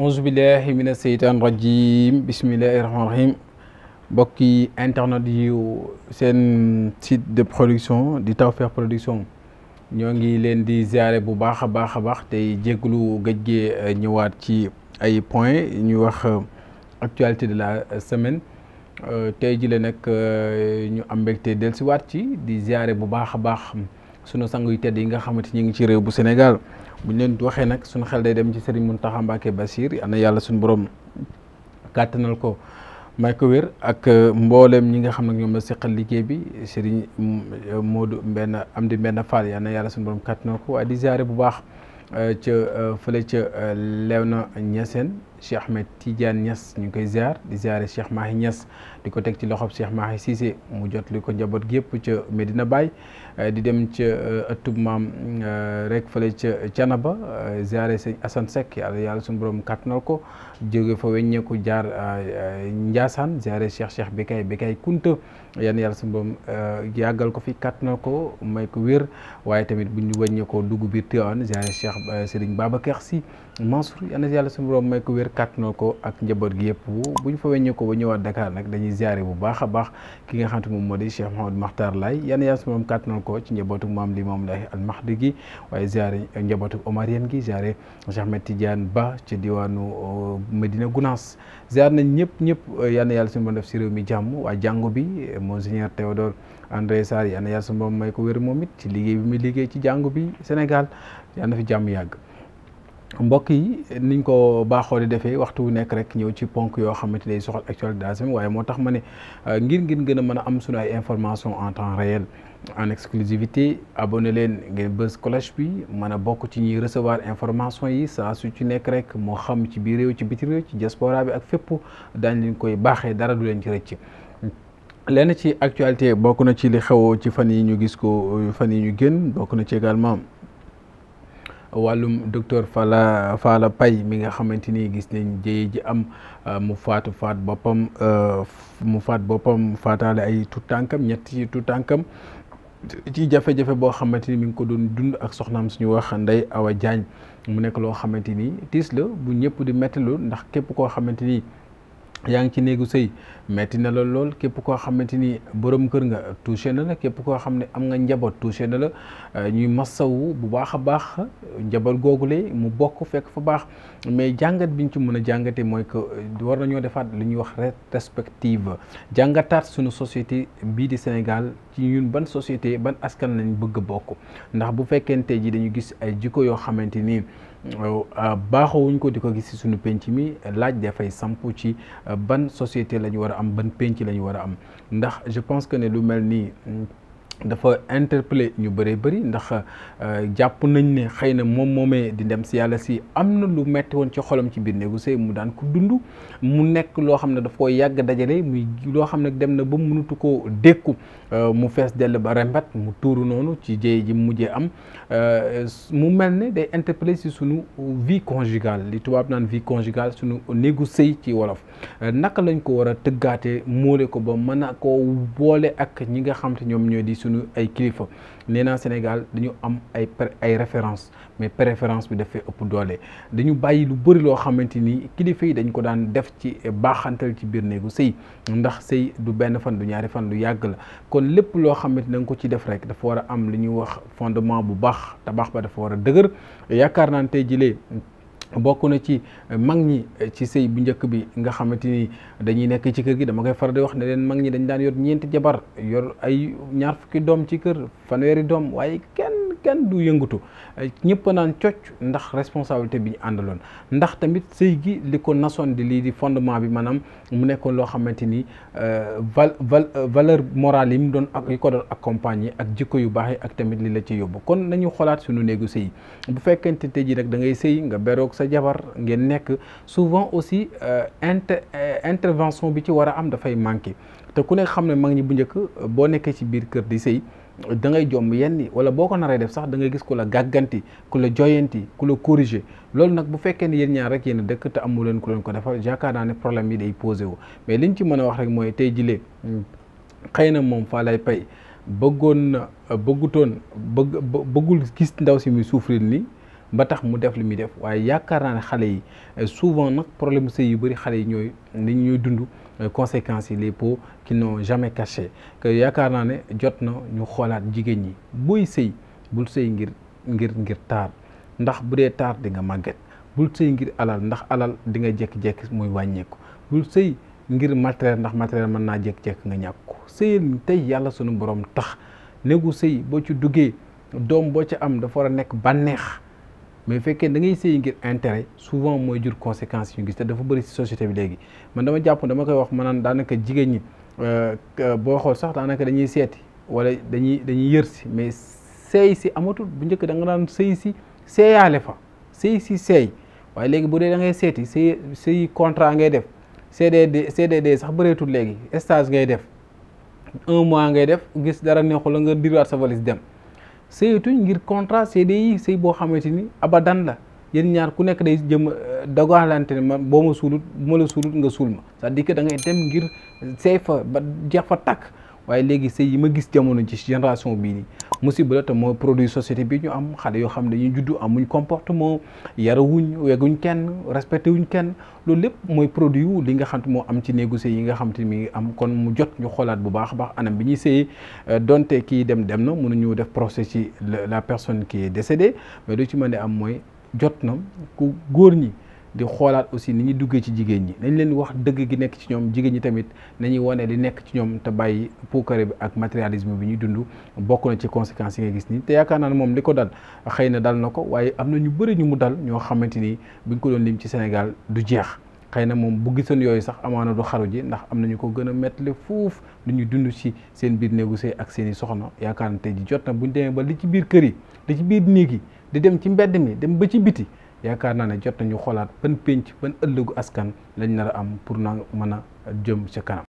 auzu billahi mina seytaan rajim bismillahi rahmaan rahim mbokki internet yu seen site de production di Tawfekh Production ñoo ngi leen di ziare bu baax a baax a baax tey jégalu gëj gee eh, ñëwaat ci ay point ñuy wax eh, actualité de la eh, semaine tey ji la nag ñu am mbégte dellusiwaat ci di ziare bu baax a baax sunu sang yu tedd yi nga xamante ñu ngi ci réew bu Sénégal bu ñu leen waxee nag suñu xel day dem ci Serigne Mountakha Mbacké Bassir ana yàlla suñu borom kàttanal ko may ko wér ak euh, mbooleem ñi nga xam ne ñoom la seqal liggéey bi Serigne euh, Modou Mbenn am di Mbenn Fall ana yàlla suñu borom kàttanal ko waaye di ziare bu baax euh, ca fële ca na ñaseen Cheikh Ahmed Tidiane ñas ñu ngi koy ziar di ziare Cheikh Mahi Niass di ko teg ci loxob Cheikh Mahi Cissé mu jot li ko njaboot gi yëpp ca Medina Baye eh, di dem ca eh, ëttub maam eh, rek fële ca Canaba ziare sëñ Assane Seck yàlla yàlla suñu borom kàttanal ko. jóge fa weññeeku jaar euh, euh, Ndiassane ziare Cheikh Cheikh Bekay Bekay Kunta yan yàlla su mboom euh, yàggal ko fi kàttanal ko may ko wér waaye tamit bu ñu weññeekoo dugg biir Tivaouane ziare Cheikh Serigne Babacar Sy Mansour yan yàlla su mboom may ko wér kàttanal ko ak njaboot gi yëpp bu ñu fa weññeekoo ba ñëwaat Dakar nag dañuy ziare bu baax a baax ki nga xam moom moo di Cheikh Mouhamadou Makhtar Laye yan yàlla su mboom ko ci njabootu maam li moom lay al Mahdi gi waaye ziare njabootu Omarien gi ziare Cheikh Ahmed Ba ci diwaanu Medina Gounass ziar nañ ñëpp ñëpp euh, yal na yàlla suñu borom def si réew mi jàmm waa jàngo bi euh, monseigneur Théodore André Sarr yal na yàlla suñu borom may ko wér moom it ci liggéey bi muy liggéey ci jàngo bi Sénégal yal na fi jàmm yàgg. mbokk yi niñ ko baaxoo di defee waxtu wu nekk rek ñëw ci ponk yoo xamante day soxal actualité d'ASM waaye moo tax ma ne euh, ngir ngeen gën a mën a am sunu ay information en temps réel en exclusivité abonné leen ngeen bës cloche bi mën a bokk ci ñuy recevoir information yi saa su ci nekk rek moo xam ci biir réew ci biti réew ci diaspora bi ak fépp daañ leen koy baaxee dara du leen ci rëcc lenn ci actualité bokk na ci li xewoo ci fan yi ñu gis ko fan yi ñu gën bokk na ci wàllum docteur Fala Fala Paye mi nga xamante ni gis nañ jëye ji am euh, mu faatu faat boppam euh, mu faat boppam faataale ay tout tànkam ñett ñetti tout tànkam ci jafe-jafe boo xamante ni mi ngi ko doon dund ak soxnaam suñu wax Ndeye Awa Diagne mu nekk loo xamante ni tiis la bu ñëpp di méttalu ndax képp koo xamante ni. yaa ngi ci néegu sëy metti na la lool képp koo xamante ni borom kër nga touché na la képp koo xam ne am nga njaboot touché na la euh, ñuy massawu bu baax a baax njaboot googu googule mu bokk fekk fa baax mais jàngat bi ñu ci mun a jàngate mooy que euh, war nañoo defaat lu ñuy wax rétrospective jàngataat suñu societé bii di Sénégal ci ñun ban société ban askan lañ bëgg a bokk ndax bu fekkente ji dañu gis ay jikko yoo xamante ni euh, euh, baaxoowuñ ko di ko gis ci suñu penc mi laaj dafay samp ci euh, ban société la ñu war a am ban penc la ñu war a am ndax je pense que ne lu mel nii dafa interpellé ñu bëree bëri ndax euh, jàpp nañ ne xëy na moom moomee di dem si yàlla si am na lu metti woon ci xolam ci biir néegu sëy mu daan ko dund mu nekk loo xam ne daf ko yàgg dajale muy loo xam ne dem na ba mu mënutu ko dékku euh, mu fees dell ba rembat mu tuuru noonu ci jéye ji mujjee am euh, mu mel ne day interpellé si sunu vie conjugale li tubaab naan vie conjugale sunu néegu sëy ci wolof naka lañ ko war a tëggaatee moole ko ba mën a ko boole ak ñi nga xam te suñu ay kilifa nee naa Sénégal dañu am ay ay référence mais préférence bi dafay ëpp doole dañu bàyyi lu bëri loo xamante ni kilifa yi dañ ko daan def ci baaxantal ci biir néegu sëy ndax sëy du benn fan du ñaari fan du yàgg la kon lépp loo xamante ni ko ci def rek dafa war a am li ñuy wax fondement bu baax tabax ba dafa war a dëgër yaakaar naa tey jilee bokk na ci mag ñi ci sëy bu njëkk bi nga xamante ni dañuy nekk ci kër gi dama koy faral di wax ne leen mag ñi dañ daan yor ñeenti jabar yor ay ñaar fukki doom ci kër fanweeri doom waaye kenn kenn du yëngatu ñëpp naan cocc ndax responsabilité bi ñu àndaloon ndax tamit sëy gi li ko nasoon di lii di fondement bi maanaam mu nekkoon loo xamante ni euh, val valeur morale yi mu doon ak yi ko doon accompagner ak jikko yu baax yi ak tamit li la ci yóbbu kon nañu xolaat suñu néegu sëy bu fekkente tey jii nag da ngay sëy nga beroog sa jabar ngeen nekk souvent aussi euh, inter euh, intervention bi ci war a am dafay manqué te ku ne xam ne mag ñi bu njëkk boo nekkee ci biir kër di sëy da ngay jomb yenn yi wala boo ko naree def sax da ngay gis ku la gàgganti ku la joyanti ku la corriger loolu nag bu fekkee ne yéen ñaar rek yéen dëkk te amu leen ku leen ko defar yaakaar naa ne problème yi day posé wu mais liñ ci mën a wax rek mooy tey jilee na moom faa pay bëggoon na bëggutoon bëgg bëggul ndaw si muy souffrir ni ba tax mu def li muy def waaye yaakaar naa ne xale yi souvent nag problème sëy yu bëri xale yi ñooy nit ñuy dund Euh, conséquences yi les pots qu'ils n'ont jamais cachés yaakaar naa ne jot na ñu xoolaat jigéen ñi buy sëy bul sëy ngir ngir ngir taar ndax bu dee taar di nga màgget bul sëy ngir alal ndax alal di nga jékki-jékki muy wàññeeku bul sëy ngir matériel ndax matériel mën naa jékki-jékki nga ñàkk ko sëyal tey yàlla sunu borom tax néegu sëy boo ci duggee doom boo ci am dafa war a nekk bànneex mais fekkee da ngay sëy ngir intérêt souvent mooy jur conséquences yu gis te dafa bëri si société bi léegi man dama jàpp dama koy wax ma naan daanaka jigéen ñi euh, euh, boo xool sax daanaka dañuy seeti wala dañuy dañuy yër si mais seey si amatul bu njëkk da nga daan sëy si seeyaale fa sëy si seey waaye léegi bu dee da ngay seeti sëy sëy contrat ngay def CDD CDD sax bëreetul léegi stage ngay def un mois ngay def gis dara neexul la nga diriwaat sa valise dem sëyatuñ ngir contrat CDI sëy boo xamante ni abadan la yéen ñaar ku nekk day jëm euh, dogalante ne ma boo ma suulut bu ma la suulut nga suul ma c'est-à-dire da ngay dem ngir seey fa ba jeex fa tàkk waaye léegi sëy yi ma gis jamono ci génération bii nii musiba la te moo produit société bi ñu am xale yoo xam ne dañuy juddu amuñ comportement yarawuñ weguñ kenn respecté wuñ kenn loolu lépp mooy produit wu li nga xam te moo am ci néegu sëy yi nga xam te mi ngi am kon mu jot ñu xoolaat bu baax a baax anam bi ñu sëy euh, donte kii dem dem na mënuñu def procès ci la personne qui est décédée mais lu ci mën a am mooy jot na ku góor ñi di xoolaat aussi ni ñuy duggee ci jigéen ñi nañ leen wax dëgg gi nekk ci ñoom jigéen ñi tamit nañuy wane li nekk ci ñoom te bàyyi puukare bi ak matérialisme bi ñuy dund bokk na ci conséquences yi nga gis nii te yaakaar naa ne moom li ko dal xëy na dal na ko waaye am na ñu bëri ñu mu dal ñoo xamante ni buñ ko doon lim ci senegal du jeex xëy na moom bu gisoon yooyu sax amaana du xaru ji ndax am na ñu ko gën a mettale fuuf lu ñuy dund ci seen biir néegu sëy ak seen i yaakaar na tey jot na buñ demee ba li ci biir kër yi li ci biir néeg yi di dem ci mbedd mi dem ba ci biti yaakaar naa ne jot nañu xoolaat ban pénc ban ëllëgu askan lañ nar am pour na mën a jëm ca kanam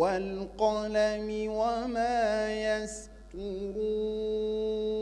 wal qalami wa ma yasturuun